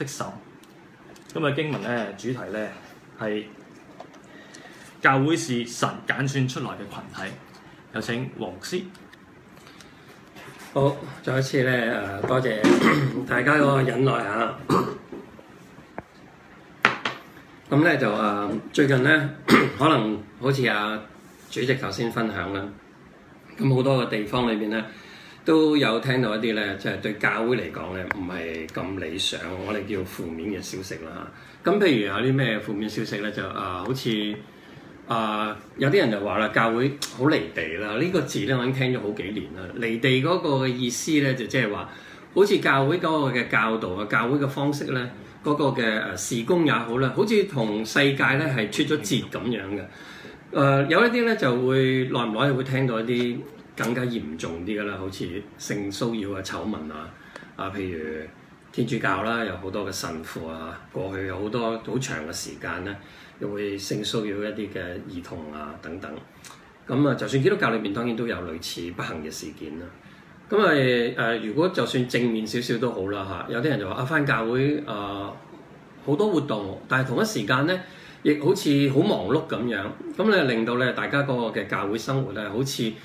的今日的經文咧主題咧係教會是神揀選出來嘅群體。有請黃師。好，再一次咧誒，多謝大家嗰個忍耐吓。咁咧 就誒，最近咧可能好似阿、啊、主席頭先分享啦，咁好多嘅地方裏邊咧。都有聽到一啲咧，即係對教會嚟講咧，唔係咁理想，我哋叫負面嘅消息啦。咁譬如有啲咩負面消息咧，就啊，好似啊，有啲人就話啦，教會好離地啦。呢個字咧，我已經聽咗好幾年啦。離地嗰個嘅意思咧，就即係話，好似教會嗰個嘅教導啊，教會嘅方式咧，嗰個嘅誒事工也好咧，好似同世界咧係出咗節咁樣嘅。誒，有一啲咧就會耐唔耐會聽到一啲。更加嚴重啲噶啦，好似性騷擾啊，醜聞啊，啊，譬如天主教啦，有好多嘅神父啊，過去有好多好長嘅時間咧，又會性騷擾一啲嘅兒童啊等等。咁啊，就算基督教裏邊當然都有類似不幸嘅事件啦。咁啊，誒，如果就算正面少少都好啦嚇，啊，有啲人就話啊，返教會啊，好多活動，但係同一時間咧，亦好似好忙碌咁樣，咁咧令到咧大家嗰個嘅教會生活咧，好似～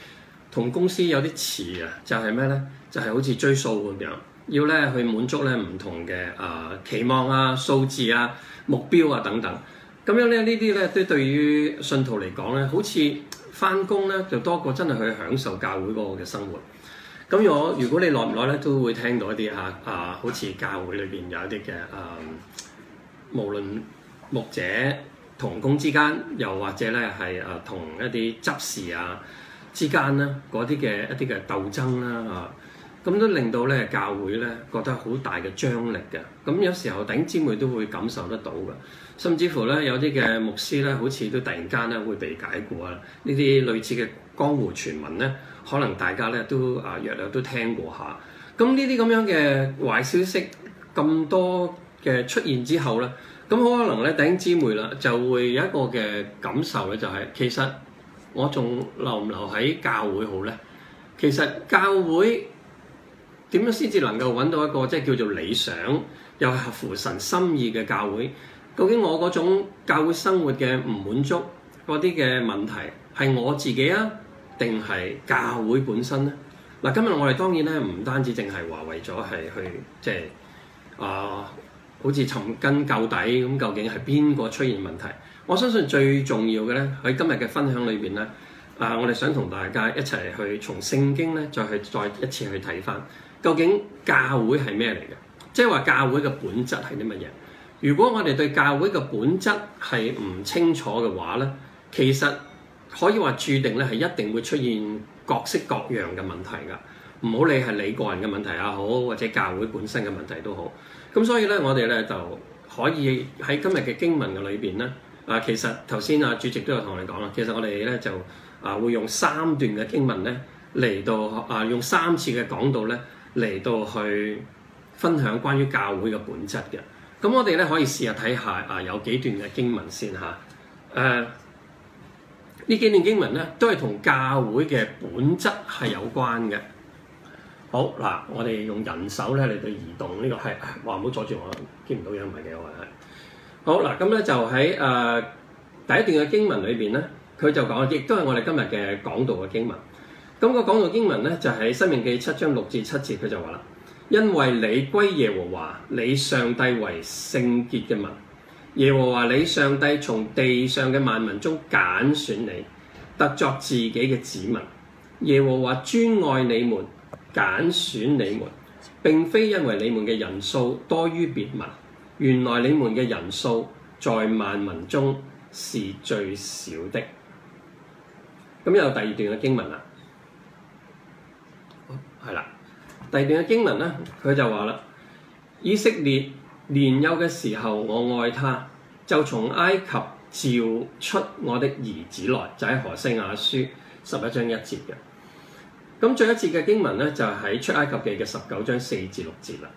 同公司有啲似啊，就係咩咧？就係、是、好似追數咁樣，要咧去滿足咧唔同嘅啊、呃、期望啊數字啊目標啊等等。咁樣咧呢啲咧都對於信徒嚟講咧，好似返工咧就多過真係去享受教會嗰個嘅生活。咁我如，如果你耐唔耐咧，都會聽到一啲嚇啊，好似教會裏邊有一啲嘅誒，無論牧者同工之間，又或者咧係誒同一啲執事啊。之間咧，嗰啲嘅一啲嘅鬥爭啦，嚇、啊、咁都令到咧教會咧覺得好大嘅張力嘅。咁、啊、有時候弟兄姊妹都會感受得到嘅，甚至乎咧有啲嘅牧師咧，好似都突然間咧會被解僱啊！呢啲類似嘅江湖傳聞咧，可能大家咧都啊，約略都聽過下。咁呢啲咁樣嘅壞消息咁多嘅出現之後咧，咁可能咧弟兄姊妹啦就會有一個嘅感受咧，就係、是、其實。我仲留唔留喺教會好咧？其實教會點樣先至能夠揾到一個即係叫做理想又合乎神心意嘅教會？究竟我嗰種教會生活嘅唔滿足，嗰啲嘅問題係我自己啊，定係教會本身咧？嗱，今日我哋當然咧唔單止淨係話為咗係去即係啊～、呃好似尋根究底，咁究竟係邊個出現問題？我相信最重要嘅咧，喺今日嘅分享裏邊咧，啊，我哋想同大家一齊去從聖經咧，再去再一次去睇翻，究竟教會係咩嚟嘅？即係話教會嘅本質係啲乜嘢？如果我哋對教會嘅本質係唔清楚嘅話咧，其實可以話注定咧係一定會出現各式各樣嘅問題噶。唔好理係你個人嘅問題啊好，或者教會本身嘅問題都好。咁所以咧，我哋咧就可以喺今日嘅經文嘅裏邊咧，啊，其實頭先阿主席都有同我哋講啦，其實我哋咧就啊會用三段嘅經文咧嚟到啊用三次嘅講道咧嚟到去分享關於教會嘅本質嘅。咁我哋咧可以試下睇下啊有幾段嘅經文先嚇。誒、啊、呢幾段經文咧都係同教會嘅本質係有關嘅。好嗱，我哋用人手咧嚟對移動呢、這個係，哇！唔好阻住我，見唔到嘢唔係幾好嘅。好嗱，咁咧就喺誒、呃、第一段嘅經文裏邊咧，佢就講，亦都係我哋今日嘅講道嘅經文。咁、那個講道經文咧就喺、是、申命記七章六至七節，佢就話啦：因為你歸耶和華你上帝為聖潔嘅民，耶和華你上帝從地上嘅萬民中揀選你，特作自己嘅子民，耶和華專愛你們，揀選你們，並非因為你們嘅人數多於別民，原來你們嘅人數在萬民中是最少的。咁有第二段嘅經文啦，係啦，第二段嘅經文咧，佢就話啦：以色列年幼嘅時候，我愛他，就從埃及召出我的兒子來，就喺何西阿書十一章一節嘅。咁最後一節嘅經文咧，就喺、是、出埃及記嘅十九章四至六節啦。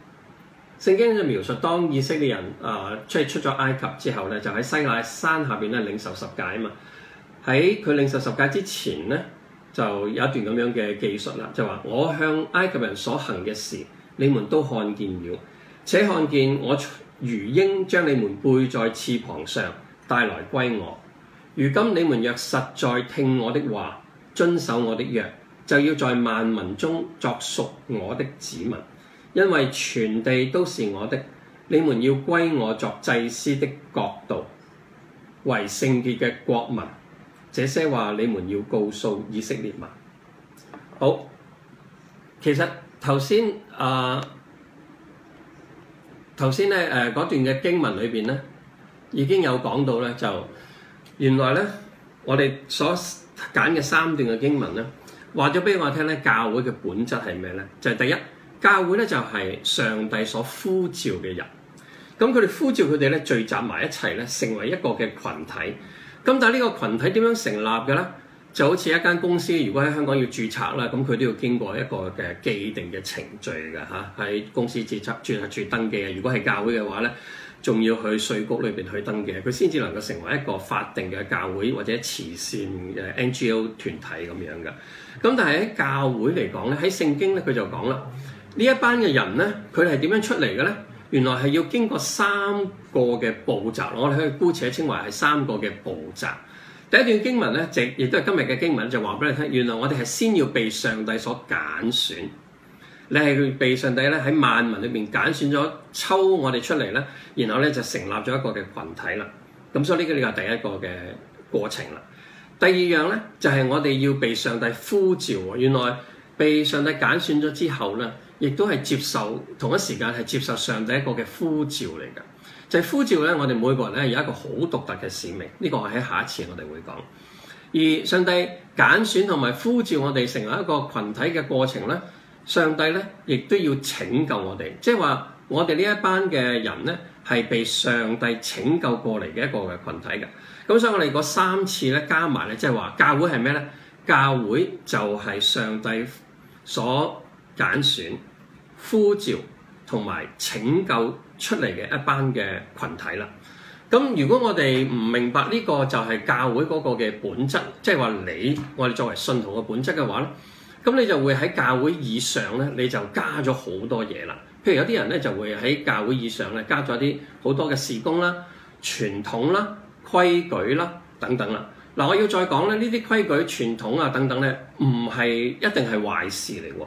聖經就描述當以色列人啊、呃、出出咗埃及之後咧，就喺西奈山下邊咧領受十戒啊嘛。喺佢領受十戒之前咧，就有一段咁樣嘅記述啦，就話我向埃及人所行嘅事，你們都看見了，且看見我如鷹將你們背在翅膀上帶來歸我。如今你們若實在聽我的話，遵守我的約。就要在萬民中作屬我的子民，因為全地都是我的，你們要歸我作祭司的國度，為聖潔嘅國民。這些話你們要告訴以色列民。好，其實頭先啊，頭先咧誒嗰段嘅經文裏邊咧，已經有講到咧，就原來咧，我哋所揀嘅三段嘅經文咧。話咗俾我聽咧，教會嘅本質係咩咧？就係、是、第一，教會咧就係上帝所呼召嘅人。咁佢哋呼召佢哋咧聚集埋一齊咧，成為一個嘅群體。咁但係呢個群體點樣成立嘅咧？就好似一間公司，如果喺香港要註冊啦，咁佢都要經過一個嘅既定嘅程序嘅嚇，喺公司註冊處登記呀。如果係教會嘅話咧。仲要去稅局裏邊去登記，佢先至能夠成為一個法定嘅教會或者慈善嘅 NGO 團體咁樣嘅。咁但係喺教會嚟講咧，喺聖經咧佢就講啦，呢一班嘅人咧，佢係點樣出嚟嘅咧？原來係要經過三個嘅步驟，我哋可以姑且稱為係三個嘅步驟。第一段經文咧，亦亦都係今日嘅經文，就話俾你聽，原來我哋係先要被上帝所揀選。你係被上帝咧喺萬民裏面揀選咗抽我哋出嚟咧，然後咧就成立咗一個嘅群體啦。咁所以呢個就係第一個嘅過程啦。第二樣咧就係、是、我哋要被上帝呼召。原來被上帝揀選咗之後咧，亦都係接受同一時間係接受上帝一個嘅呼召嚟㗎。就係、是、呼召咧，我哋每個人咧有一個好獨特嘅使命。呢、這個喺下一次我哋會講。而上帝揀選同埋呼召我哋成為一個群體嘅過程咧。上帝咧，亦都要拯救我哋，即係話，我哋呢一班嘅人咧，係被上帝拯救過嚟嘅一個嘅群體嘅。咁所以我哋嗰三次咧加埋咧，即係話教會係咩咧？教會就係上帝所揀選、呼召同埋拯救出嚟嘅一班嘅群體啦。咁如果我哋唔明白呢個就係教會嗰個嘅本質，即係話，你我哋作為信徒嘅本質嘅話咧，咁你就會喺教會以上咧，你就加咗好多嘢啦。譬如有啲人咧就會喺教會以上咧加咗啲好多嘅事工啦、傳統啦、規矩啦等等啦。嗱，我要再講咧，呢啲規矩、傳統啊等等咧，唔係一定係壞事嚟喎。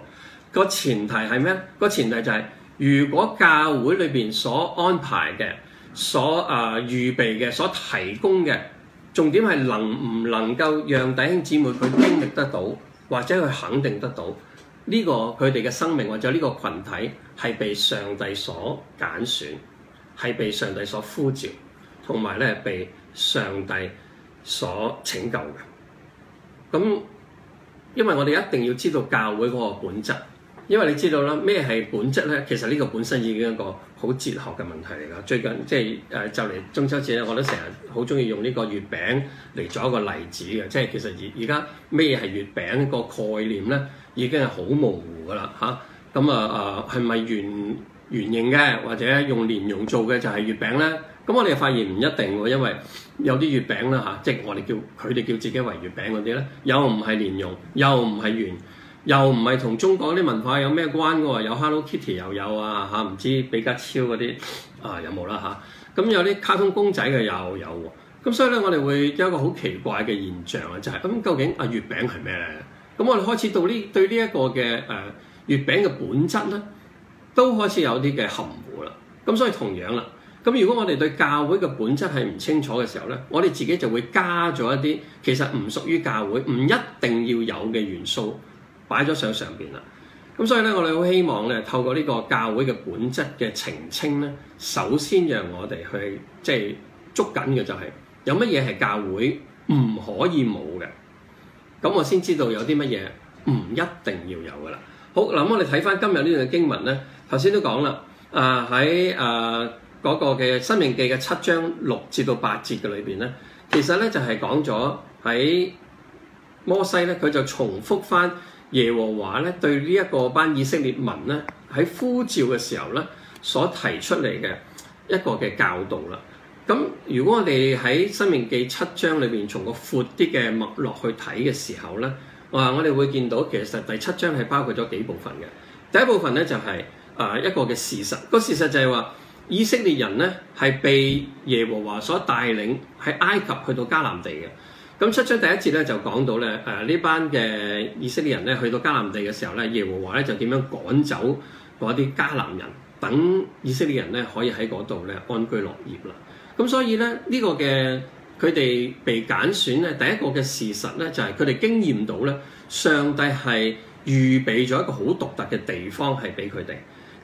個前提係咩？個前提就係如果教會裏邊所安排嘅、所啊預備嘅、所提供嘅，重點係能唔能夠讓弟兄姊妹佢經歷得到。或者佢肯定得到呢，這個佢哋嘅生命或者呢個群體係被上帝所揀選，係被上帝所呼召，同埋咧被上帝所拯救嘅。咁，因為我哋一定要知道教會嗰個本質。因為你知道啦，咩係本質咧？其實呢個本身已經係一個好哲學嘅問題嚟㗎。最近即係誒，就、呃、嚟中秋節咧，我都成日好中意用呢個月餅嚟作一個例子嘅。即係其實而而家咩係月餅個概念咧，已經係好模糊㗎啦嚇。咁啊誒，係、啊、咪圓圓形嘅，或者用蓮蓉做嘅就係月餅咧？咁我哋發現唔一定喎，因為有啲月餅啦吓、啊，即係我哋叫佢哋叫自己為月餅嗰啲咧，又唔係蓮蓉，又唔係圓。又唔係同中國啲文化有咩關喎？有 Hello Kitty 又有啊嚇，唔知比卡超嗰啲啊有冇啦嚇？咁、啊嗯、有啲卡通公仔嘅又有喎。咁、啊、所以咧，我哋會有一個好奇怪嘅現象咧，就係、是、咁、啊、究竟啊月餅係咩咧？咁、啊、我哋開始到呢對呢一個嘅誒、啊、月餅嘅本質咧，都開始有啲嘅含糊啦。咁、啊、所以同樣啦，咁、啊、如果我哋對教會嘅本質係唔清楚嘅時候咧，我哋自己就會加咗一啲其實唔屬於教會、唔一定要有嘅元素。擺咗上上邊啦，咁所以咧，我哋好希望咧，透過呢個教會嘅本質嘅澄清咧，首先讓我哋去即係捉緊嘅就係、是、有乜嘢係教會唔可以冇嘅？咁我先知道有啲乜嘢唔一定要有噶啦。好，嗱，我哋睇翻今日呢段經文咧，頭先都講啦，啊喺啊嗰個嘅申命記嘅七章六至到八節嘅裏邊咧，其實咧就係講咗喺摩西咧，佢就重複翻。耶和華咧，對呢一個班以色列民咧，喺呼召嘅時候咧所提出嚟嘅一個嘅教導啦。咁如果我哋喺《申命記》七章裏邊從個闊啲嘅脈絡去睇嘅時候咧，啊、呃，我哋會見到其實第七章係包括咗幾部分嘅。第一部分咧就係、是、啊、呃、一個嘅事實，個事實就係話以色列人咧係被耶和華所帶領喺埃及去到迦南地嘅。咁七章第一節咧就講到咧，誒、啊、呢班嘅以色列人咧去到迦南地嘅時候咧，耶和華咧就點樣趕走嗰啲迦南人，等以色列人咧可以喺嗰度咧安居樂業啦。咁、啊、所以咧呢、呢個嘅佢哋被揀選咧，第一個嘅事實咧就係佢哋經驗到咧，上帝係預備咗一個好獨特嘅地方係俾佢哋。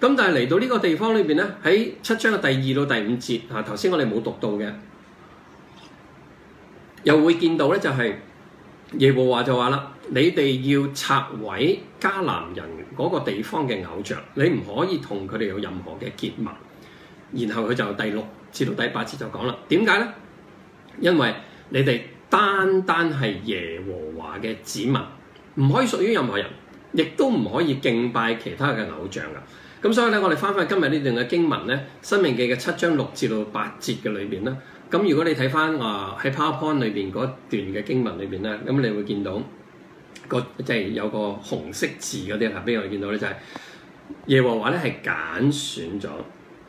咁但係嚟到呢個地方裏邊咧，喺七章嘅第二到第五節啊，頭先我哋冇讀到嘅。又會見到咧，就係耶和華就話啦：你哋要拆毀迦南人嗰個地方嘅偶像，你唔可以同佢哋有任何嘅結盟。然後佢就第六至到第八節就講啦，點解咧？因為你哋單單係耶和華嘅子民，唔可以屬於任何人，亦都唔可以敬拜其他嘅偶像噶。咁所以咧，我哋翻翻今日呢段嘅經文咧，《申命記》嘅七章六至到八節嘅裏邊咧。咁如果你睇翻啊喺 PowerPoint 裏邊嗰段嘅經文裏邊咧，咁你會見到個即係有個紅色字嗰啲，係邊個會見到咧就係、是、耶和華咧係揀選咗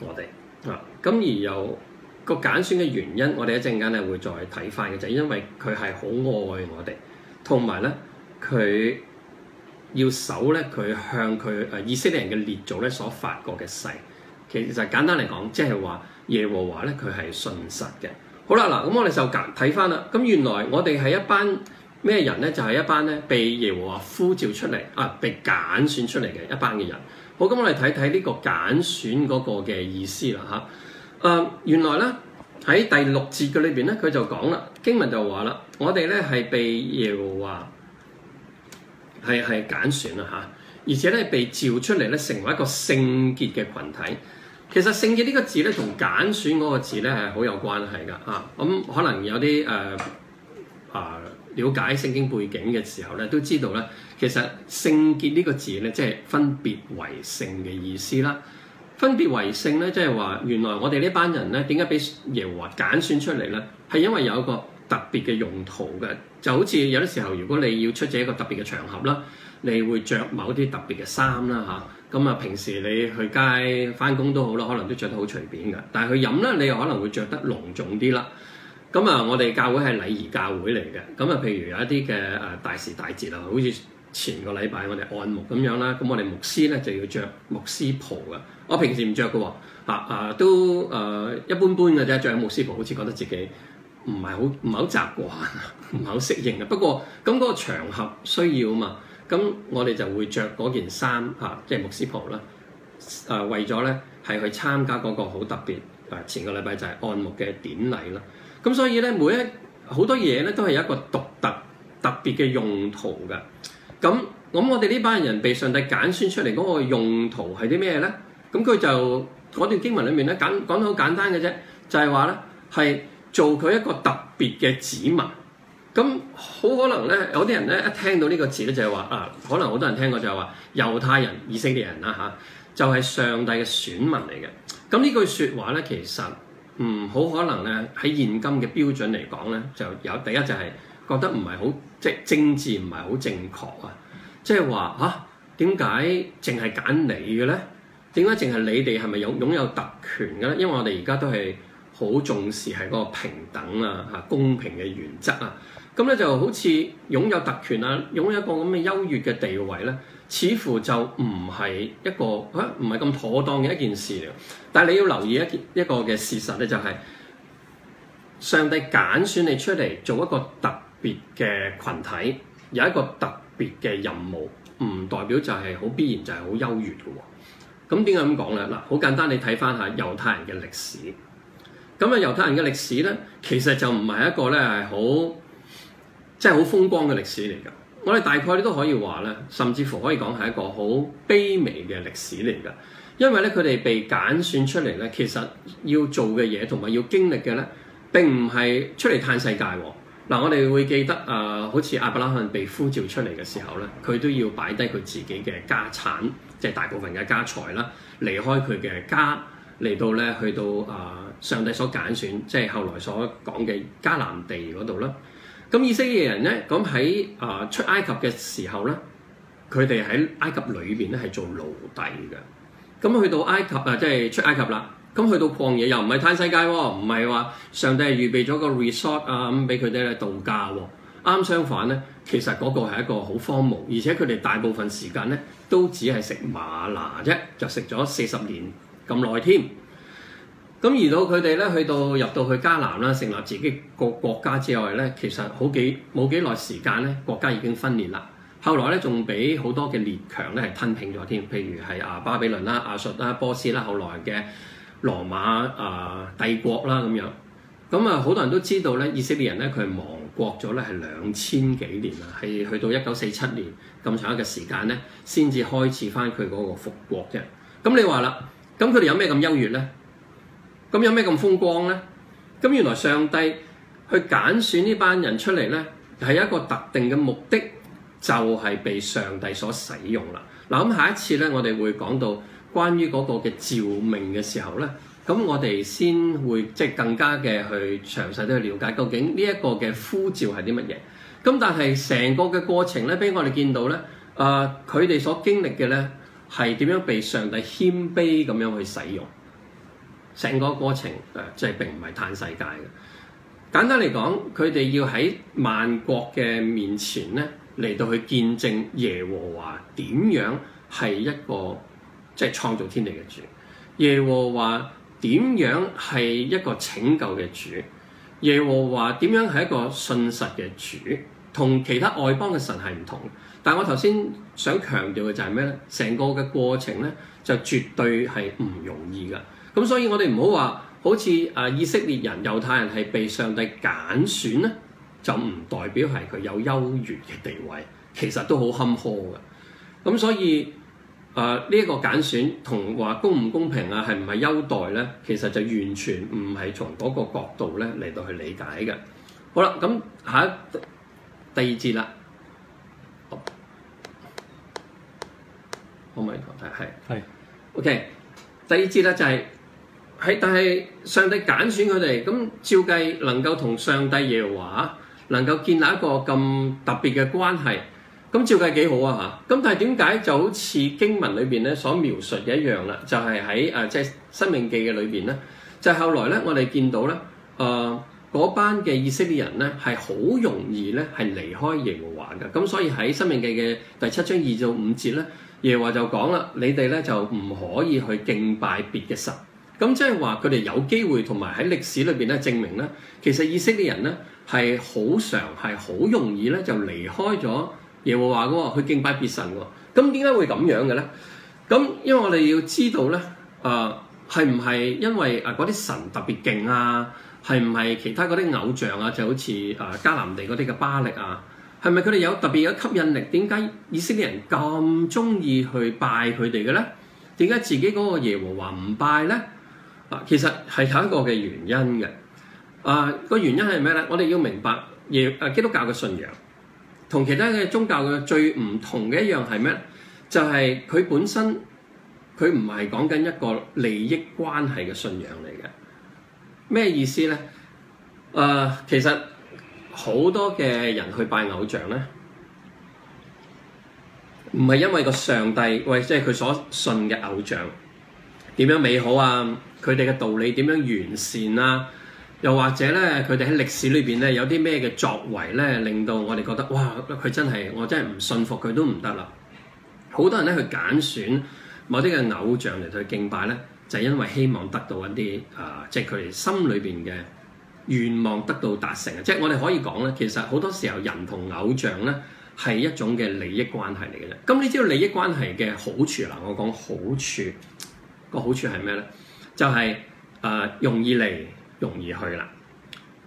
我哋啊，咁而有個揀選嘅原因，我哋一陣間咧會再睇翻嘅，就係、是、因為佢係好愛我哋，同埋咧佢要守咧佢向佢誒、呃、以色列人嘅列祖咧所發過嘅誓，其實就簡單嚟講，即係話。耶和華咧，佢係信實嘅。好啦，嗱咁我哋就睇翻啦。咁原來我哋係一班咩人咧？就係、是、一班咧被耶和華呼召出嚟啊，被揀選出嚟嘅一班嘅人。好咁，我哋睇睇呢個揀選嗰個嘅意思啦吓，誒、啊，原來咧喺第六節嘅裏邊咧，佢就講啦，經文就話啦，我哋咧係被耶和華係係揀選啊吓，而且咧被召出嚟咧成為一個聖潔嘅群體。其實聖潔呢個字咧，同揀選嗰個字咧係好有關係噶嚇。咁、啊、可能有啲誒誒了解聖經背景嘅時候咧，都知道咧，其實聖潔呢個字咧，即係分別為聖嘅意思啦。分別為聖咧，即係話原來我哋呢班人咧，點解俾耶和華揀選出嚟咧？係因為有一個特別嘅用途嘅。就好似有啲時候，如果你要出席一個特別嘅場合啦，你會着某啲特別嘅衫啦嚇。啊咁啊，平時你去街翻工都好啦，可能都着得好隨便嘅。但係去飲咧，你又可能會着得隆重啲啦。咁啊，我哋教會係禮儀教會嚟嘅。咁啊，譬如有一啲嘅誒大時大節啊，好似前個禮拜我哋按牧咁樣啦。咁我哋牧師咧就要着牧師袍嘅。我平時唔着嘅喎，啊都誒、啊、一般般嘅啫，着緊牧師袍好似覺得自己唔係好唔係好習慣，唔係好適應嘅。不過咁嗰個場合需要啊嘛。咁我哋就會着嗰件衫嚇、啊，即係牧師袍啦。誒、啊，為咗咧係去參加嗰個好特別誒前個禮拜就係按牧嘅典禮啦。咁所以咧，每一好多嘢咧都係一個獨特特別嘅用途嘅。咁咁，我哋呢班人被上帝揀選出嚟嗰個用途係啲咩咧？咁佢就嗰段經文裏面咧簡講,講得好簡單嘅啫，就係話咧係做佢一個特別嘅子民。咁好可能咧，有啲人咧一聽到呢個字咧就係、是、話啊，可能好多人聽過就係話猶太人、以色列人啦吓、啊，就係、是、上帝嘅選民嚟嘅。咁呢句説話咧，其實唔好、嗯、可能咧喺現今嘅標準嚟講咧，就有第一就係、是、覺得唔係好即係政治唔係好正確啊。即係話吓，點解淨係揀你嘅咧？點解淨係你哋係咪有擁有特權嘅咧？因為我哋而家都係好重視係嗰個平等啊、嚇、啊、公平嘅原則啊。咁咧就好似擁有特權啊，擁有一個咁嘅優越嘅地位咧，似乎就唔係一個嚇唔係咁妥當嘅一件事啦。但係你要留意一個一個嘅事實咧，就是，就係上帝揀選你出嚟做一個特別嘅群體，有一個特別嘅任務，唔代表就係好必然就係好優越嘅。咁點解咁講咧？嗱，好簡單，你睇翻下猶太人嘅歷史。咁啊，猶太人嘅歷史咧，其實就唔係一個咧係好，即係好風光嘅歷史嚟㗎，我哋大概都可以話咧，甚至乎可以講係一個好卑微嘅歷史嚟㗎，因為咧佢哋被揀選出嚟咧，其實要做嘅嘢同埋要經歷嘅咧，並唔係出嚟嘆世界。嗱、啊，我哋會記得啊、呃，好似亞伯拉罕被呼召出嚟嘅時候咧，佢都要擺低佢自己嘅家產，即係大部分嘅家財啦，離開佢嘅家，嚟到咧去到啊、呃、上帝所揀選，即係後來所講嘅迦南地嗰度啦。咁以色列人咧，咁喺啊出埃及嘅時候咧，佢哋喺埃及裏邊咧係做奴隸嘅。咁去到埃及啊，即係出埃及啦。咁去到曠野又唔係歎世界喎，唔係話上帝預備咗個 resort 啊咁俾佢哋咧度假喎。啱相反咧，其實嗰個係一個好荒蕪，而且佢哋大部分時間咧都只係食馬拿啫，就食咗四十年咁耐添。咁而到佢哋咧，去到入到去迦南啦，成立自己個國家之外咧，其實好幾冇幾耐時間咧，國家已經分裂啦。後來咧，仲俾好多嘅列強咧係吞並咗添，譬如係啊巴比倫啦、亞述啦、波斯啦，後來嘅羅馬啊、呃、帝國啦咁樣。咁啊，好多人都知道咧，以色列人咧佢係亡國咗咧，係兩千幾年啦，係去到一九四七年咁長一嘅時間咧，先至開始翻佢嗰個復國啫。咁你話啦，咁佢哋有咩咁優越咧？咁有咩咁風光呢？咁原來上帝去揀選呢班人出嚟呢，係一個特定嘅目的，就係、是、被上帝所使用啦。嗱咁下一次呢，我哋會講到關於嗰個嘅召命嘅時候呢，咁我哋先會即係、就是、更加嘅去詳細啲去了解，究竟呢一個嘅呼召係啲乜嘢。咁但係成個嘅過程呢，俾我哋見到呢，啊佢哋所經歷嘅呢，係點樣被上帝謙卑咁樣去使用。成個過程，誒、呃、即係並唔係嘆世界嘅。簡單嚟講，佢哋要喺萬國嘅面前咧，嚟到去見證耶和華點樣係一個即係創造天地嘅主，耶和華點樣係一個拯救嘅主，耶和華點樣係一個信實嘅主，同其他外邦嘅神係唔同。但係我頭先想強調嘅就係咩咧？成個嘅過程咧，就絕對係唔容易㗎。咁所以我哋唔好話好似啊以色列人、猶太人係被上帝揀選咧，就唔代表係佢有優越嘅地位，其實都好坎坷嘅。咁所以啊呢一個揀選同話公唔公平啊，係唔係優待咧？其實就完全唔係從嗰個角度咧嚟到去理解嘅。好啦，咁下一第二節啦，好唔好？係係，OK。第二節咧就係。係，但係上帝揀選佢哋咁，照計能夠同上帝耶和華能夠建立一個咁特別嘅關係，咁照計幾好啊！嚇咁，但係點解就好似經文裏邊咧所描述嘅一樣啦？就係喺誒即係《申命記》嘅裏邊咧，就係、後來咧我哋見到咧誒嗰班嘅以色列人咧係好容易咧係離開耶和華嘅，咁所以喺《申命記》嘅第七章二到五節咧，耶和華就講啦：你哋咧就唔可以去敬拜別嘅神。咁即係話佢哋有機會同埋喺歷史裏邊咧證明咧，其實以色列人咧係好常係好容易咧就離開咗耶和華嘅喎，去敬拜別神喎。咁點解會咁樣嘅咧？咁因為我哋要知道咧，啊係唔係因為啊嗰啲神特別勁啊？係唔係其他嗰啲偶像啊？就好似啊迦南地嗰啲嘅巴力啊？係咪佢哋有特別有吸引力？點解以色列人咁中意去拜佢哋嘅咧？點解自己嗰個耶和華唔拜咧？啊，其實係有一個嘅原因嘅。啊、呃，個原因係咩咧？我哋要明白耶，啊基督教嘅信仰同其他嘅宗教嘅最唔同嘅一樣係咩咧？就係、是、佢本身佢唔係講緊一個利益關係嘅信仰嚟嘅。咩意思咧？啊、呃，其實好多嘅人去拜偶像咧，唔係因為個上帝或者係佢所信嘅偶像點樣美好啊？佢哋嘅道理點樣完善啊？又或者咧，佢哋喺歷史裏邊咧有啲咩嘅作為咧，令到我哋覺得哇！佢真係我真係唔信服佢都唔得啦。好多人咧去揀選某啲嘅偶像嚟去敬拜咧，就係因為希望得到一啲啊，即係佢哋心裏邊嘅願望得到達成啊！即係我哋可以講咧，其實好多時候人同偶像咧係一種嘅利益關係嚟嘅啫。咁你知道利益關係嘅好處啦？我講好處。個好處係咩咧？就係、是、誒、呃、容易嚟容易去啦，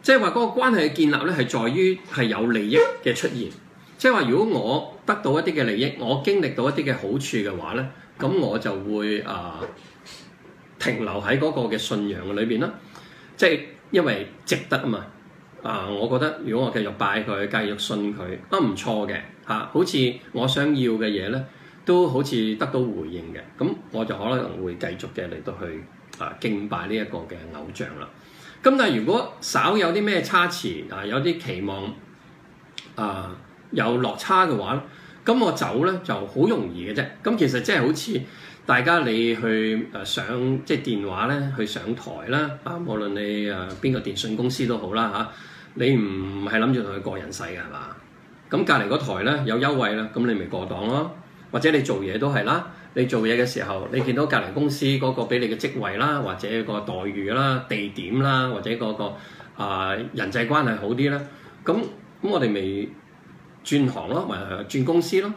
即係話嗰個關係嘅建立咧，係在於係有利益嘅出現，即係話如果我得到一啲嘅利益，我經歷到一啲嘅好處嘅話咧，咁我就會誒、呃、停留喺嗰個嘅信仰裏邊啦，即係因為值得啊嘛，啊、呃，我覺得如果我繼續拜佢，繼續信佢，都唔錯嘅嚇、啊，好似我想要嘅嘢咧。都好似得到回應嘅，咁我就可能會繼續嘅嚟到去啊敬拜呢一個嘅偶像啦。咁但係如果稍有啲咩差池啊，有啲期望啊有落差嘅話咧，咁我走咧就好容易嘅啫。咁其實即係好似大家你去誒、啊、上即係電話咧去上台啦，啊無論你誒邊、啊、個電訊公司都好啦嚇、啊，你唔係諗住同佢過人世嘅係嘛？咁隔離嗰台咧有優惠啦，咁你咪過檔咯。或者你做嘢都係啦，你做嘢嘅時候，你見到隔離公司嗰個俾你嘅職位啦，或者個待遇啦、地點啦，或者嗰、那個啊、呃、人際關係好啲啦。咁咁我哋咪轉行咯，或者轉公司咯。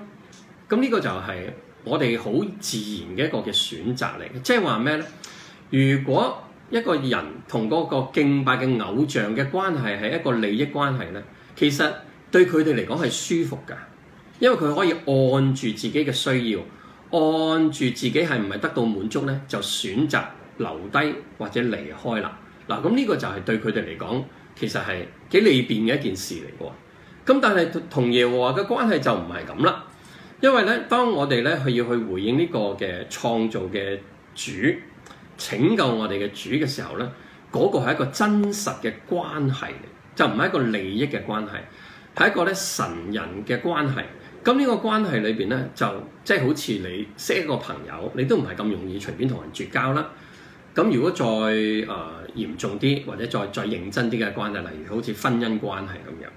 咁呢個就係我哋好自然嘅一個嘅選擇嚟，即係話咩咧？如果一個人同嗰個敬拜嘅偶像嘅關係係一個利益關係咧，其實對佢哋嚟講係舒服㗎。因為佢可以按住自己嘅需要，按住自己係唔係得到滿足咧，就選擇留低或者離開啦。嗱，咁呢個就係對佢哋嚟講，其實係幾利便嘅一件事嚟嘅。咁但係同耶和華嘅關係就唔係咁啦。因為咧，當我哋咧去要去回應呢個嘅創造嘅主，拯救我哋嘅主嘅時候咧，嗰個係一個真實嘅關係嚟，就唔係一個利益嘅關係，係一個咧神人嘅關係。咁呢個關係裏邊咧，就即係好似你識一個朋友，你都唔係咁容易隨便同人絕交啦。咁如果再誒、呃、嚴重啲，或者再再認真啲嘅關係，例如好似婚姻關係咁樣，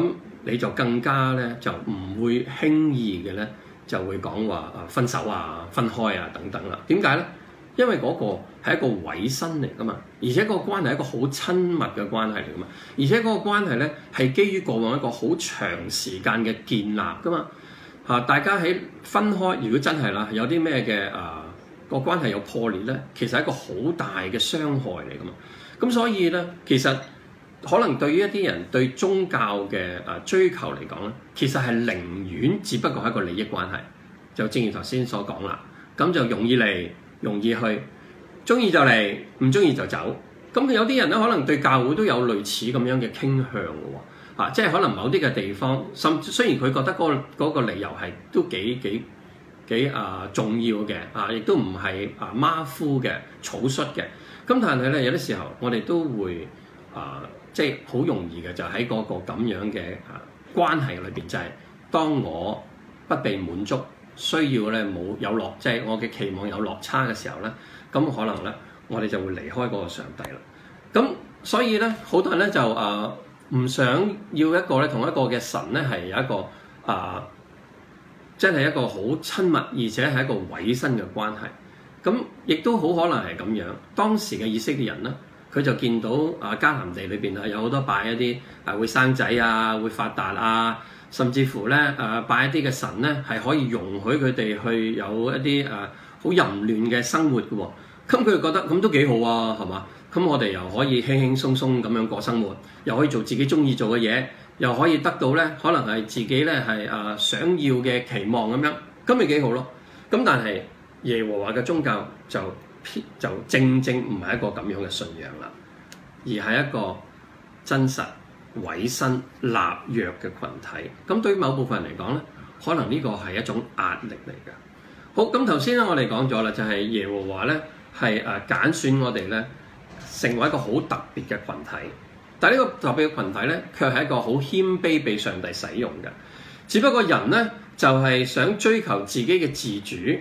咁你就更加咧就唔會輕易嘅咧就會講話誒分手啊、分開啊等等啦、啊。點解咧？因為嗰個係一個委身嚟噶嘛，而且嗰個關係係一個好親密嘅關係嚟噶嘛，而且嗰個關係咧係基於過往一個好長時間嘅建立噶嘛嚇。大家喺分開，如果真係啦，有啲咩嘅啊個關係有破裂咧，其實係一個好大嘅傷害嚟噶嘛。咁所以咧，其實可能對於一啲人對宗教嘅啊追求嚟講咧，其實係寧願只不過係一個利益關係，就正如頭先所講啦。咁就容易嚟。容易去，中意就嚟，唔中意就走。咁有啲人咧，可能對教會都有類似咁樣嘅傾向喎。啊，即係可能某啲嘅地方，甚至雖然佢覺得嗰、嗰個嗰個理由係都幾幾幾啊重要嘅，啊，亦、啊、都唔係啊馬虎嘅草率嘅。咁但係咧，有啲時候我哋都會啊，即係好容易嘅，就喺、是、嗰個咁樣嘅啊關係裏邊，就係、是、當我不被滿足。需要咧冇有，有落，即、就、係、是、我嘅期望有落差嘅時候咧，咁可能咧，我哋就會離開嗰個上帝啦。咁所以咧，好多人咧就誒唔、呃、想要一個咧，同一個嘅神咧係有一個啊，真、呃、係、就是、一個好親密，而且係一個委身嘅關係。咁亦都好可能係咁樣。當時嘅以色列人啦，佢就見到啊，迦南地裏邊啊，有好多拜一啲啊會生仔啊，會發達啊。甚至乎咧，誒、呃、拜一啲嘅神咧，係可以容許佢哋去有一啲誒好淫亂嘅生活嘅喎、哦。咁佢就覺得咁都幾好啊，係嘛？咁我哋又可以輕輕鬆鬆咁樣過生活，又可以做自己中意做嘅嘢，又可以得到咧，可能係自己咧係誒想要嘅期望咁樣，咁咪幾好咯？咁但係耶和華嘅宗教就就正正唔係一個咁樣嘅信仰啦，而係一個真實委身立約嘅群體，咁對於某部分人嚟講咧，可能呢個係一種壓力嚟㗎。好，咁頭先咧，我哋講咗啦，就係、是、耶和華咧係誒揀選我哋咧成為一個好特別嘅群體，但係呢個特別嘅群體咧，卻係一個好謙卑被上帝使用嘅。只不過人咧就係、是、想追求自己嘅自主，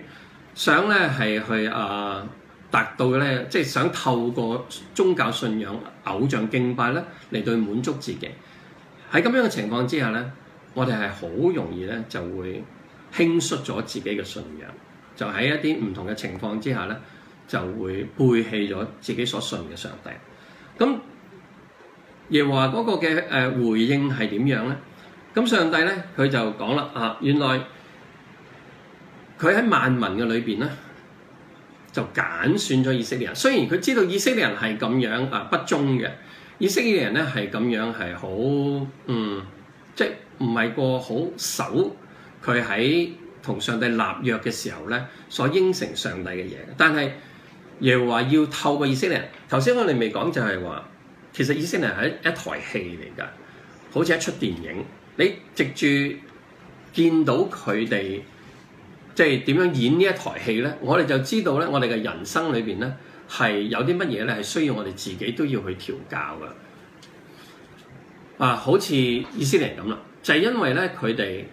想咧係去誒。啊達到咧，即係想透過宗教信仰、偶像敬拜咧，嚟對滿足自己。喺咁樣嘅情況之下咧，我哋係好容易咧就會輕率咗自己嘅信仰，就喺一啲唔同嘅情況之下咧，就會背棄咗自己所信嘅上帝。咁耶和華嗰個嘅誒回應係點樣咧？咁上帝咧佢就講啦啊，原來佢喺萬民嘅裏邊咧。就揀選咗以色列人，雖然佢知道以色列人係咁樣啊，不忠嘅，以色列人咧係咁樣係好嗯，即係唔係個好守佢喺同上帝立約嘅時候咧，所應承上帝嘅嘢，但係又話要透過以色列人。頭先我哋未講就係話，其實以色列人係一台戲嚟㗎，好似一出電影，你藉住見到佢哋。即係點樣演呢一台戲咧？我哋就知道咧，我哋嘅人生裏邊咧係有啲乜嘢咧係需要我哋自己都要去調教噶。啊，好似以色列咁啦，就係因為咧佢哋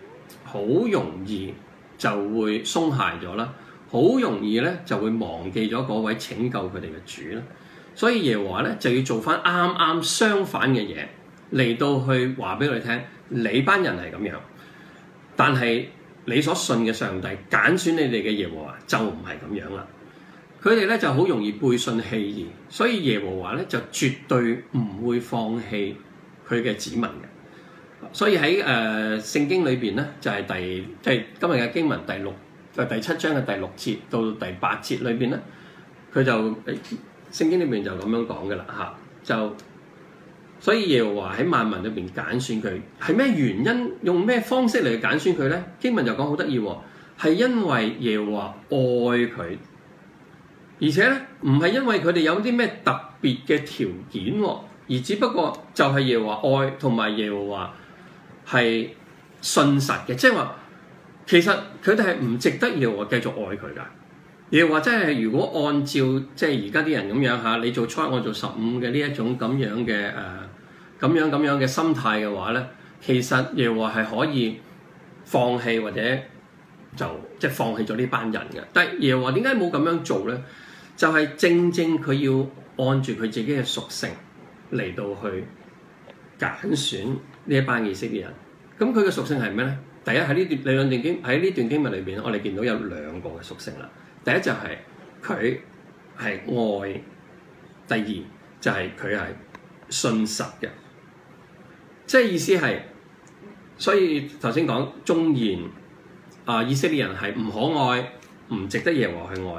好容易就會鬆懈咗啦，好容易咧就會忘記咗嗰位拯救佢哋嘅主啦。所以耶和華咧就要做翻啱啱相反嘅嘢，嚟到去話俾佢哋聽：你班人係咁樣，但係。你所信嘅上帝揀選你哋嘅耶和華就唔係咁樣啦。佢哋咧就好容易背信棄義，所以耶和華咧就絕對唔會放棄佢嘅子民嘅。所以喺誒、呃、聖經裏邊咧就係、是、第即係、就是、今日嘅經文第六就第七章嘅第六節到第八節裏邊咧，佢就、哎、聖經裏邊就咁樣講㗎啦嚇就。所以耶和華喺萬民裏邊揀選佢，係咩原因？用咩方式嚟去揀選佢咧？經文就講好得意喎，係因為耶和華愛佢，而且咧唔係因為佢哋有啲咩特別嘅條件喎，而只不過就係耶和華愛同埋耶和華係信實嘅，即係話其實佢哋係唔值得耶和華繼續愛佢㗎。耶和華真係如果按照即係而家啲人咁樣吓，你做初，我做十五嘅呢一種咁樣嘅誒。呃咁樣咁樣嘅心態嘅話咧，其實耶和華係可以放棄或者就即係放棄咗呢班人嘅。但係耶和華點解冇咁樣做咧？就係正正佢要按住佢自己嘅屬性嚟到去揀選呢一班意識嘅人。咁佢嘅屬性係咩咧？第一，喺呢段利養定經喺呢段經文裏邊，我哋見到有兩個嘅屬性啦。第一就係佢係愛，第二就係佢係信實嘅。即係意思係，所以頭先講，忠言啊，以色列人係唔可愛，唔值得耶和華去愛。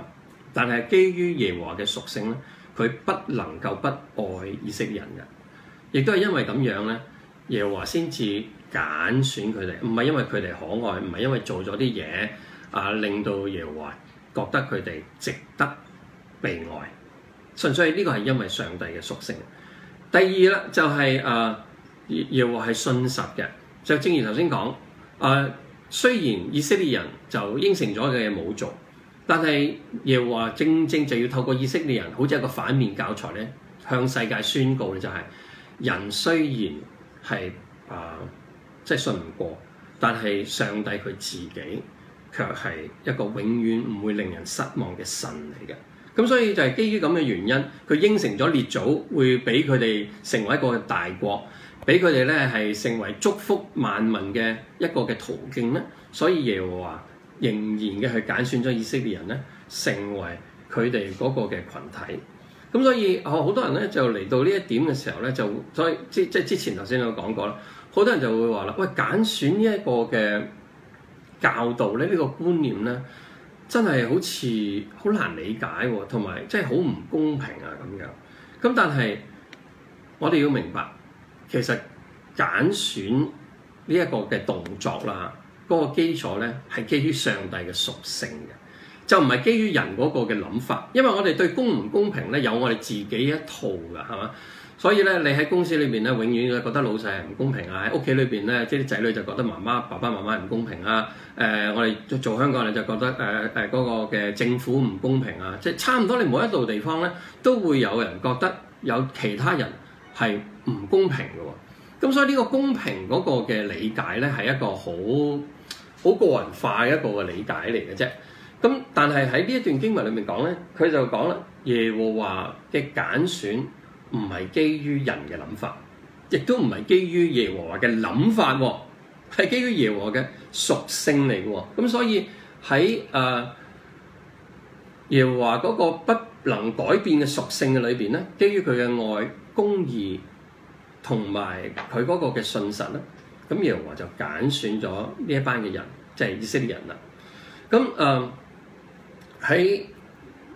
但係基於耶和華嘅屬性咧，佢不能夠不愛以色列人嘅，亦都係因為咁樣咧，耶和華先至揀選佢哋，唔係因為佢哋可愛，唔係因為做咗啲嘢啊令到耶和華覺得佢哋值得被愛，純粹係呢個係因為上帝嘅屬性。第二咧就係、是、誒。啊又話係信實嘅，就正如頭先講誒。雖然以色列人就應承咗佢嘅嘢冇做，但係又話正正就要透過以色列人，好似一個反面教材咧，向世界宣告嘅就係、是、人雖然係啊、呃，即係信唔過，但係上帝佢自己卻係一個永遠唔會令人失望嘅神嚟嘅。咁所以就係基於咁嘅原因，佢應承咗列祖會俾佢哋成為一個大國。俾佢哋咧，係成為祝福萬民嘅一個嘅途徑咧，所以耶和華仍然嘅去揀選咗以色列人咧，成為佢哋嗰個嘅群體。咁所以哦，好多人咧就嚟到呢一點嘅時候咧，就所以即即之前頭先有講過啦，好多人就會話啦，喂，揀選呢一個嘅教導咧，呢個觀念咧，真係好似好難理解喎，同埋真係好唔公平啊咁樣。咁但係我哋要明白。其實揀選呢一個嘅動作啦，嗰、那個基礎咧係基於上帝嘅屬性嘅，就唔係基於人嗰個嘅諗法。因為我哋對公唔公平咧有我哋自己一套噶，係嘛？所以咧，你喺公司裏邊咧，永遠覺得老細係唔公平啊；喺屋企裏邊咧，即係啲仔女就覺得媽媽、爸爸、媽媽唔公平啊。誒、呃，我哋做香港人就覺得誒誒嗰個嘅政府唔公平啊。即係差唔多，你每一度地方咧都會有人覺得有其他人係唔公平嘅，咁、嗯、所以呢個公平嗰個嘅理解咧，係一個好好個人化一個嘅理解嚟嘅啫。咁、嗯、但係喺呢一段經文裏面講咧，佢就講啦，耶和華嘅揀選唔係基於人嘅諗法，亦都唔係基於耶和華嘅諗法、哦，係基於耶和華嘅屬性嚟嘅、哦。咁、嗯、所以喺誒、呃、耶和華嗰個不能改變嘅屬性嘅裏邊咧，基於佢嘅愛、公義。同埋佢嗰個嘅信實啦，咁耶和華就揀選咗呢一班嘅人，即係以色列人啦。咁誒喺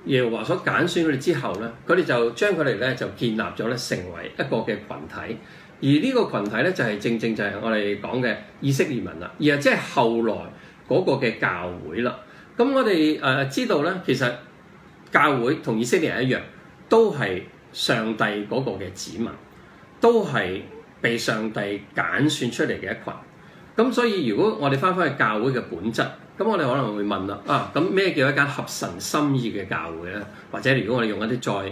耶和華所揀選佢哋之後咧，佢哋就將佢哋咧就建立咗咧成為一個嘅群體，而呢個群體咧就係正正就係我哋講嘅以色列民啦，而係即係後來嗰個嘅教會啦。咁我哋誒知道咧，其實教會同以色列人一樣，都係上帝嗰個嘅子民。都係被上帝揀選出嚟嘅一群。咁所以如果我哋翻返去教會嘅本質，咁我哋可能會問啦，啊，咁咩叫一間合神心意嘅教會咧？或者如果我哋用一啲再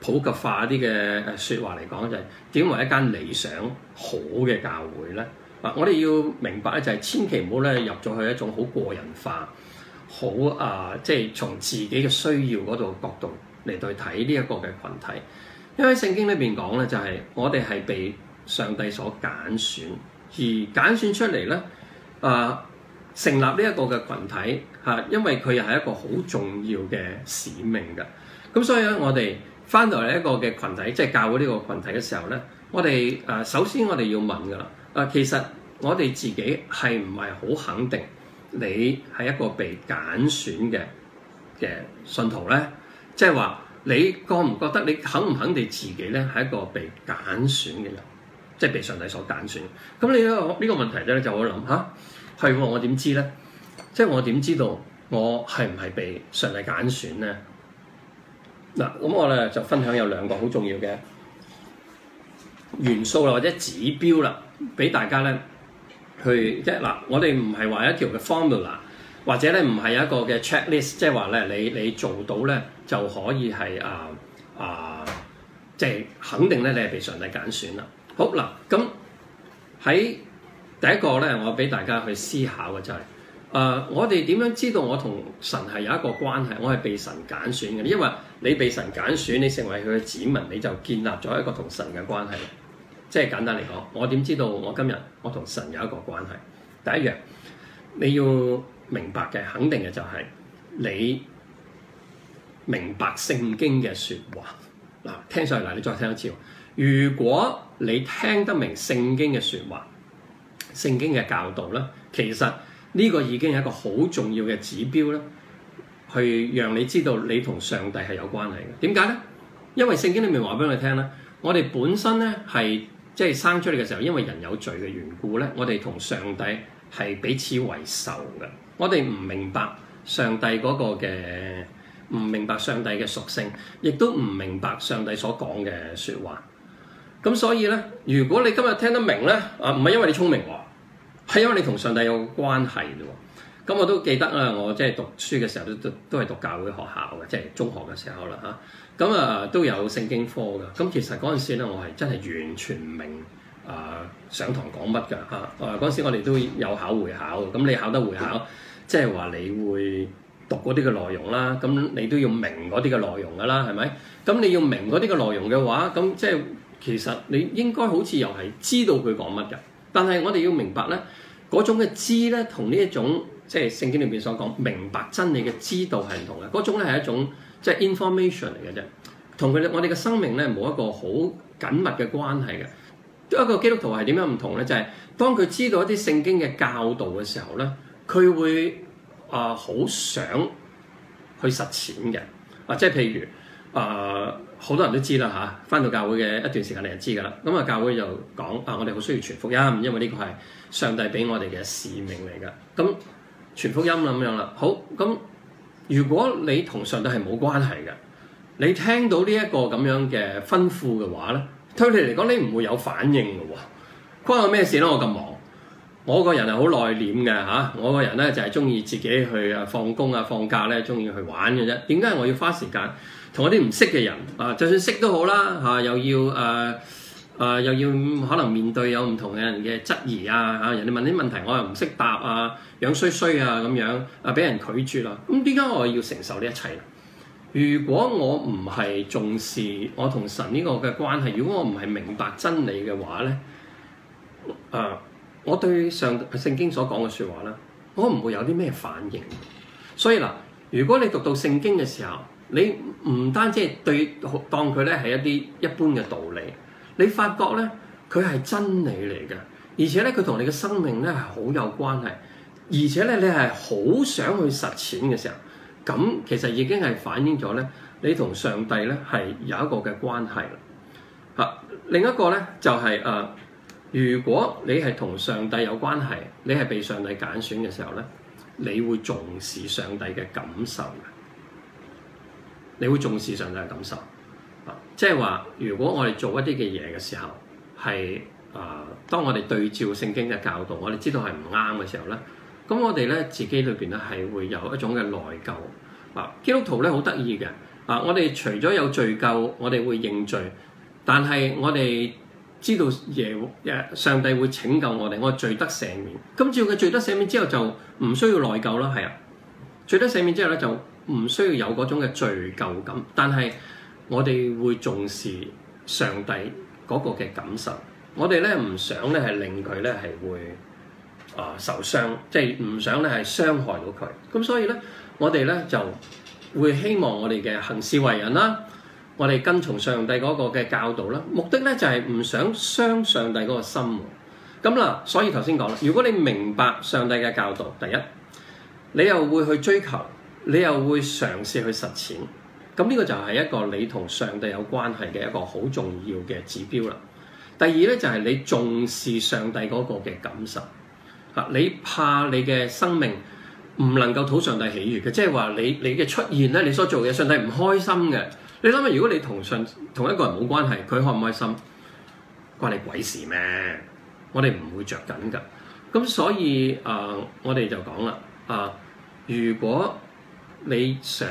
普及化啲嘅説話嚟講，就係點為一間理想好嘅教會咧？啊，我哋要明白咧，就係千祈唔好咧入咗去一種好個人化、好啊，即、呃、係、就係、從自己嘅需要嗰度角度嚟對睇呢一個嘅群體。因為聖經裏邊講咧，就係、是、我哋係被上帝所揀選，而揀選出嚟咧、呃，啊，成立呢一個嘅群體，嚇，因為佢又係一個好重要嘅使命㗎。咁所以咧，我哋返到嚟一個嘅群體，即係教會呢個群體嘅時候咧，我哋啊，首先我哋要問㗎喇，啊，其實我哋自己係唔係好肯定你係一個被揀選嘅嘅信徒咧？即係話。你覺唔覺得你肯唔肯定自己咧係一個被揀選嘅人，即係被上帝所揀選？咁你呢個呢個問題咧，就好諗吓，係、啊、我點知咧？即係我點知道我係唔係被上帝揀選咧？嗱，咁我咧就分享有兩個好重要嘅元素啦，或者指標啦，俾大家咧去即係嗱，我哋唔係話一條嘅 formula，或者咧唔係一個嘅 checklist，即係話咧你你做到咧。就可以係啊啊，即、啊、係、就是、肯定咧，你係被上帝揀選啦。好嗱，咁喺第一個咧，我俾大家去思考嘅就係、是，誒、呃，我哋點樣知道我同神係有一個關係，我係被神揀選嘅？因為你被神揀選，你成為佢嘅子民，你就建立咗一個同神嘅關係。即係簡單嚟講，我點知道我今日我同神有一個關係？第一樣你要明白嘅、肯定嘅就係、是、你。明白聖經嘅説話嗱，聽上嚟嗱，你再聽一次。如果你聽得明聖經嘅説話，聖經嘅教導咧，其實呢個已經係一個好重要嘅指標咧，去讓你知道你同上帝係有關係嘅。點解咧？因為聖經裡面話俾我哋聽咧，我哋本身咧係即係生出嚟嘅時候，因為人有罪嘅緣故咧，我哋同上帝係彼此為仇嘅。我哋唔明白上帝嗰個嘅。唔明白上帝嘅屬性，亦都唔明白上帝所講嘅説話。咁所以咧，如果你今日聽得明咧，啊，唔係因為你聰明喎，係因為你同上帝有關係嘅喎。咁我都記得啦，我即係讀書嘅時候都都都係讀教會學校嘅，即係中學嘅時候啦嚇。咁啊都有聖經科嘅。咁其實嗰陣時咧，我係真係完全唔明啊上堂講乜嘅嚇。嗰陣時我哋都有考會考，咁你考得會考，即係話你會。讀嗰啲嘅內容啦，咁你都要明嗰啲嘅內容㗎啦，係咪？咁你要明嗰啲嘅內容嘅話，咁即係其實你應該好似又係知道佢講乜嘅。但係我哋要明白咧，嗰種嘅知咧，同呢一種即係聖經裏邊所講明白真理嘅知道係唔同嘅。嗰種咧係一種即係、就是、information 嚟嘅啫，同佢哋我哋嘅生命咧冇一個好緊密嘅關係嘅。都有一個基督徒係點樣唔同咧？就係、是、當佢知道一啲聖經嘅教導嘅時候咧，佢會。啊，好、呃、想去實踐嘅、啊，即係譬如啊，好、呃、多人都知啦吓，翻、啊、到教會嘅一段時間你就知噶啦。咁、嗯、啊，教會就講啊，我哋好需要傳福音，因為呢個係上帝俾我哋嘅使命嚟嘅。咁、嗯、傳福音啦，咁樣啦，好咁、嗯，如果你同上帝係冇關係嘅，你聽到呢一個咁樣嘅吩咐嘅話咧，對你嚟講，你唔會有反應嘅喎。關我咩事咧？我咁忙。我個人係好內斂嘅嚇，我個人咧就係中意自己去啊放工啊放假咧，中意去玩嘅啫。點、啊、解我要花時間同一啲唔識嘅人啊？就算識都好啦嚇、啊啊，又要誒誒、啊啊，又要可能面對有唔同嘅人嘅質疑啊嚇、啊，人哋問啲問題我又唔識答啊，樣衰衰啊咁樣啊，俾、啊、人拒絕啦。咁點解我要承受呢一切、啊？如果我唔係重視我同神呢個嘅關係，如果我唔係明白真理嘅話咧，誒、啊。啊啊我對上聖經所講嘅説話咧，我唔會有啲咩反應。所以啦，如果你讀到聖經嘅時候，你唔單止係對當佢咧係一啲一般嘅道理，你發覺咧佢係真理嚟嘅，而且咧佢同你嘅生命咧係好有關係，而且咧你係好想去實踐嘅時候，咁其實已經係反映咗咧你同上帝咧係有一個嘅關係啦。嚇、啊，另一個咧就係、是、誒。啊如果你係同上帝有關係，你係被上帝揀選嘅時候咧，你會重視上帝嘅感受。你會重視上帝嘅感受。啊，即係話，如果我哋做一啲嘅嘢嘅時候，係啊，當我哋對照聖經嘅教導，我哋知道係唔啱嘅時候咧，咁我哋咧自己裏邊咧係會有一種嘅內疚。啊，基督徒咧好得意嘅。啊，我哋除咗有罪疚，我哋會認罪，但係我哋。知道耶耶上帝會拯救我哋，我係罪得赦免。咁照佢罪得赦免之後就唔需要內疚啦，係啊，罪得赦免之後咧就唔需要有嗰種嘅罪疚感。但係我哋會重視上帝嗰個嘅感受，我哋咧唔想咧係令佢咧係會啊、呃、受傷，即係唔想咧係傷害到佢。咁所以咧，我哋咧就會希望我哋嘅行事為人啦。我哋跟從上帝嗰個嘅教導啦，目的咧就係唔想傷上帝嗰個心。咁嗱，所以頭先講啦，如果你明白上帝嘅教導，第一，你又會去追求，你又會嘗試去實踐。咁呢個就係一個你同上帝有關係嘅一個好重要嘅指標啦。第二咧就係你重視上帝嗰個嘅感受。嚇，你怕你嘅生命唔能夠討上帝喜悅嘅，即係話你你嘅出現咧，你所做嘅上帝唔開心嘅。你諗下，如果你同上同一個人冇關係，佢開唔開心，關你鬼事咩？我哋唔會着緊噶。咁所以，誒、呃，我哋就講啦，啊、呃，如果你想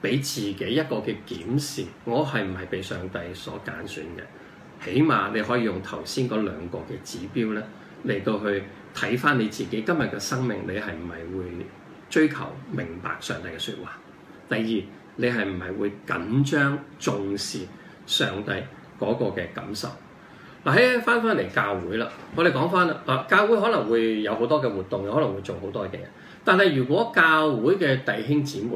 俾自己一個嘅檢視，我係唔係被上帝所揀選嘅？起碼你可以用頭先嗰兩個嘅指標咧，嚟到去睇翻你自己今日嘅生命，你係唔係會追求明白上帝嘅説話？第二。你係唔係會緊張重視上帝嗰個嘅感受？嗱，喺翻翻嚟教會啦，我哋講翻啦。啊，教會可能會有好多嘅活動，有可能會做好多嘅嘢。但係如果教會嘅弟兄姊妹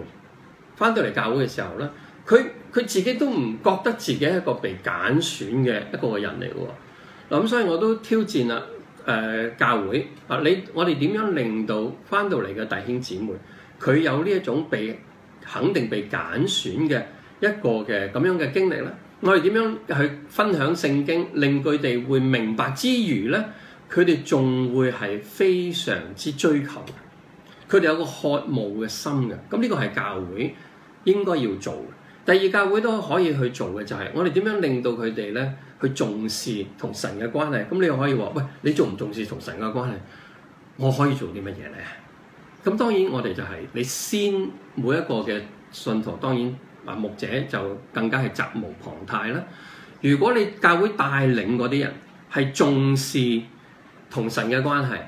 翻到嚟教會嘅時候咧，佢佢自己都唔覺得自己係一個被揀選嘅一個人嚟嘅喎。嗱、啊、咁所以我都挑戰啦。誒、呃，教會啊，你我哋點樣令到翻到嚟嘅弟兄姊妹佢有呢一種被？肯定被揀選嘅一個嘅咁樣嘅經歷咧，我哋點樣去分享聖經，令佢哋會明白之餘咧，佢哋仲會係非常之追求，佢哋有個渴慕嘅心嘅。咁呢個係教會應該要做。第二，教會都可以去做嘅就係我哋點樣令到佢哋咧去重視同神嘅關係？咁你又可以話，喂，你重唔重視同神嘅關係？我可以做啲乜嘢咧？咁當然我、就係，我哋就係你先每一個嘅信徒，當然啊牧者就更加係責無旁貸啦。如果你教會帶領嗰啲人係重視同神嘅關係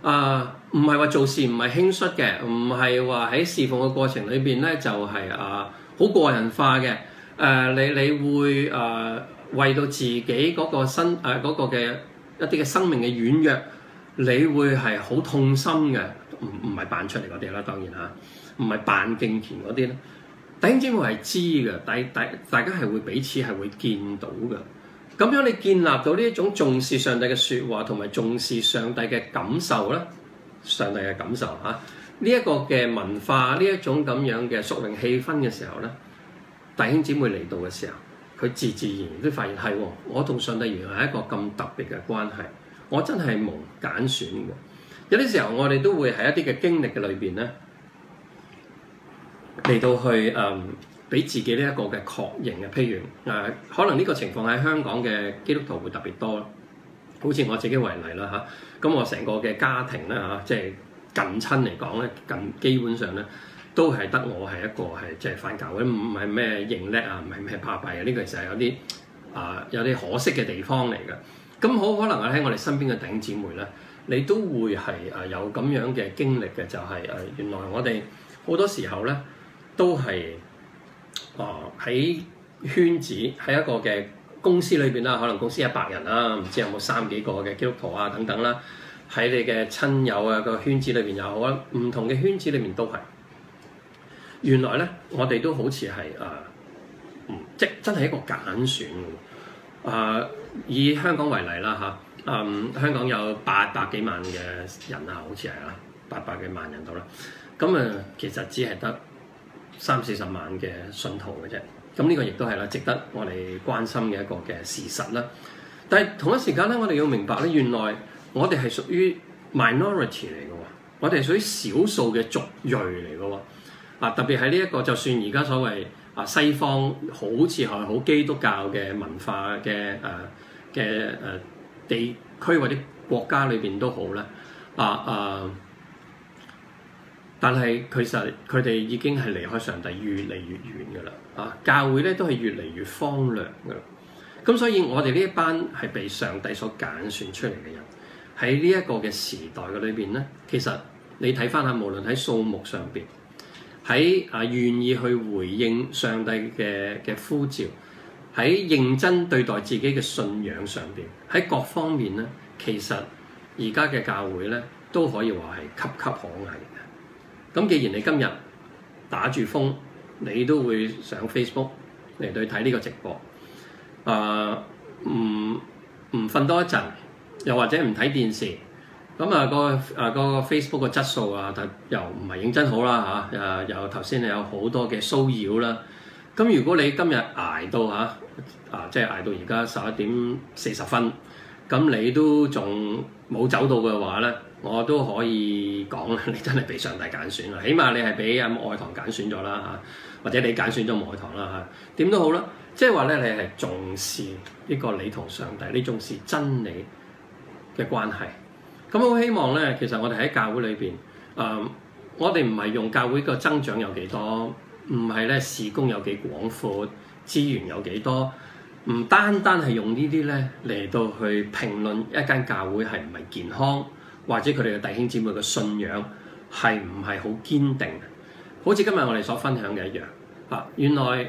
啊，唔係話做事唔係輕率嘅，唔係話喺侍奉嘅過程裏邊咧就係啊好個人化嘅。誒、呃、你你會誒、呃、為到自己嗰個身誒嗰、呃嗰個嘅一啲嘅生命嘅軟弱，你會係好痛心嘅。唔唔係扮出嚟嗰啲啦，當然嚇，唔係扮敬虔嗰啲咧。弟兄姊妹係知嘅，大大大家係會彼此係會見到嘅。咁樣你建立到呢一種重視上帝嘅説話同埋重視上帝嘅感受咧，上帝嘅感受嚇，呢、啊、一、這個嘅文化，呢一種咁樣嘅屬靈氣氛嘅時候咧，弟兄姊妹嚟到嘅時候，佢自自然然都發現係、哦，我同上帝原來係一個咁特別嘅關係，我真係蒙揀選嘅。有啲時候，我哋都會喺一啲嘅經歷嘅裏邊咧，嚟到去誒，俾、嗯、自己呢一個嘅確認嘅。譬如誒，可能呢個情況喺香港嘅基督徒會特別多咯。好似我自己為例啦嚇，咁、啊、我成個嘅家庭咧嚇、啊，即係近親嚟講咧，近基本上咧都係得我係一個係即係返教嘅，唔係咩認叻啊，唔係咩怕閉呀。呢、這個時候有啲啊，有啲可惜嘅地方嚟嘅。咁好可能咧，喺我哋身邊嘅頂姊妹咧。你都會係啊有咁樣嘅經歷嘅，就係、是、誒原來我哋好多時候咧都係啊喺圈子喺一個嘅公司裏邊啦，可能公司一百人啦、啊，唔知有冇三幾個嘅基督徒啊等等啦、啊，喺你嘅親友啊個圈子裏邊又好啦，唔同嘅圈子裏面都係原來咧，我哋都好似係啊即真係一個揀選啊，以香港為例啦嚇。嗯，香港有八百幾萬嘅人啊，好似係啊，八百幾萬人度啦。咁、嗯、啊，其實只係得三四十萬嘅信徒嘅啫。咁、嗯、呢、這個亦都係啦，值得我哋關心嘅一個嘅事實啦。但係同一時間咧，我哋要明白咧，原來我哋係屬於 minority 嚟嘅喎，我哋係屬於少數嘅族裔嚟嘅喎。啊、呃，特別喺呢一個，就算而家所謂啊西方好似係好基督教嘅文化嘅誒嘅誒。呃地區或者國家裏邊都好咧，啊啊！但係其實佢哋已經係離開上帝越嚟越遠噶啦，啊！教會咧都係越嚟越荒涼噶啦。咁所以，我哋呢一班係被上帝所揀選出嚟嘅人，喺呢一個嘅時代嘅裏邊咧，其實你睇返下，無論喺數目上邊，喺啊願意去回應上帝嘅嘅呼召。喺認真對待自己嘅信仰上邊，喺各方面咧，其實而家嘅教會咧都可以話係岌岌可危嘅。咁既然你今日打住風，你都會上 Facebook 嚟對睇呢個直播，啊，唔唔瞓多一陣，又或者唔睇電視，咁、啊、啊個啊、嗰個 Facebook 嘅質素啊又唔係認真好啦嚇、啊，又頭先你有好多嘅騷擾啦。咁如果你今日挨到嚇，啊，即係挨到而家十一點四十分，咁你都仲冇走到嘅話咧，我都可以講你真係俾上帝揀選啦，起碼你係俾阿愛堂揀選咗啦嚇，或者你揀選咗愛堂啦嚇，點、啊、都好啦，即係話咧，你係重視呢個你同上帝，你重視真理嘅關係。咁我希望咧，其實我哋喺教會裏邊，誒、嗯，我哋唔係用教會個增長有幾多。唔係咧，事工有幾廣闊，資源有幾多、多，唔單單係用呢啲咧，嚟到去評論一間教會係唔係健康，或者佢哋嘅弟兄姊妹嘅信仰係唔係好堅定，好似今日我哋所分享嘅一樣。啊，原來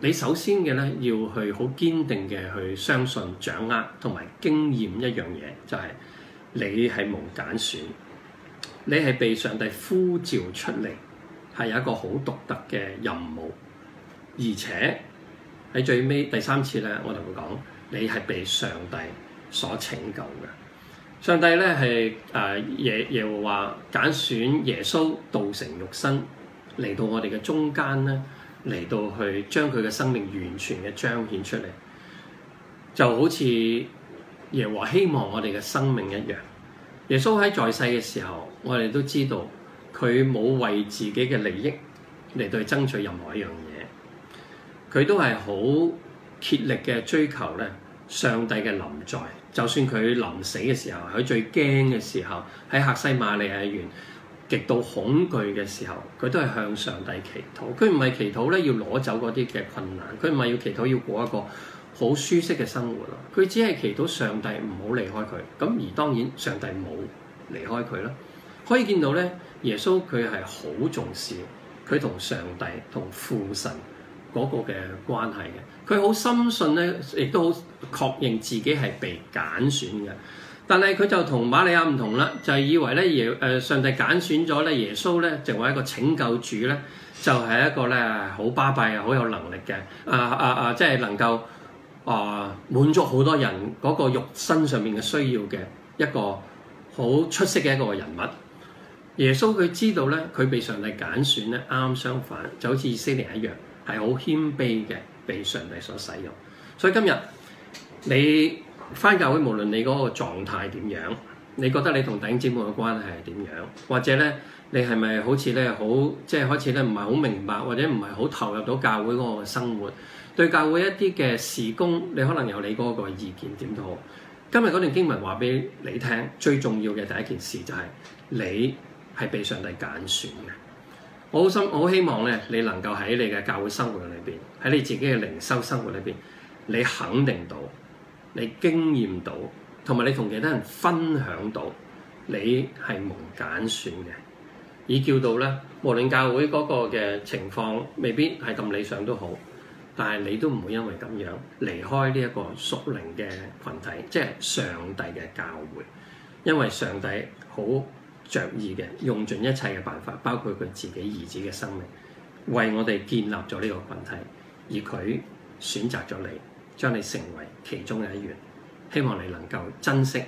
你首先嘅咧，要去好堅定嘅去相信、掌握同埋經驗一樣嘢，就係、是、你係蒙揀選，你係被上帝呼召出嚟，係有一個好獨特嘅任務，而且喺最尾第三次咧，我哋會講，你係被上帝所拯救嘅。上帝咧係誒耶耶和華揀選耶穌道成肉身嚟到我哋嘅中間咧，嚟到去將佢嘅生命完全嘅彰顯出嚟，就好似耶和華希望我哋嘅生命一樣。耶穌喺在，在世嘅時候，我哋都知道。佢冇為自己嘅利益嚟到爭取任何一樣嘢。佢都係好竭力嘅追求咧，上帝嘅臨在。就算佢臨死嘅時候，佢最驚嘅時候喺赫西馬利亞園極度恐懼嘅時候，佢都係向上帝祈禱。佢唔係祈禱咧，要攞走嗰啲嘅困難，佢唔係要祈禱要過一個好舒適嘅生活咯。佢只係祈禱上帝唔好離開佢咁。而當然上帝冇離開佢啦。可以見到咧。耶穌佢係好重視佢同上帝同父神嗰個嘅關係嘅，佢好深信咧，亦都好確認自己係被揀選嘅。但係佢就同瑪利亞唔同啦，就係以為咧，耶誒上帝揀選咗咧，耶穌咧作為一個拯救主咧，就係一個咧好巴閉、好有能力嘅啊啊啊！即係能夠啊滿足好多人嗰個肉身上面嘅需要嘅一個好出色嘅一個人物。耶穌佢知道咧，佢被上帝揀選咧，啱啱相反，就好似以色列一樣，係好謙卑嘅被上帝所使用。所以今日你返教會，無論你嗰個狀態點樣，你覺得你同弟兄姊妹嘅關係係點樣，或者咧你係咪好似咧、就是、好即係開始咧唔係好明白，或者唔係好投入到教會嗰個生活，對教會一啲嘅事工，你可能有你嗰個意見點都好。今日嗰段經文話俾你聽，最重要嘅第一件事就係、是、你，係被上帝揀選嘅，我好心，我好希望咧，你能夠喺你嘅教會生活裏邊，喺你自己嘅靈修生活裏邊，你肯定到，你經驗到，同埋你同其他人分享到，你係蒙揀選嘅，以叫到咧，無論教會嗰個嘅情況未必係咁理想都好，但係你都唔會因為咁樣離開呢一個屬靈嘅群體，即係上帝嘅教會，因為上帝好，着意嘅，用盡一切嘅辦法，包括佢自己兒子嘅生命，為我哋建立咗呢個群體，而佢選擇咗你，將你成為其中嘅一員，希望你能夠珍惜，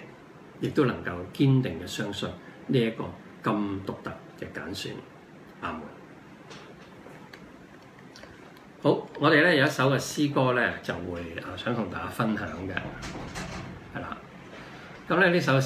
亦都能夠堅定嘅相信呢一個咁獨特嘅揀選。阿門。好，我哋咧有一首嘅詩歌咧就會啊想同大家分享嘅，係啦，咁咧呢首詩。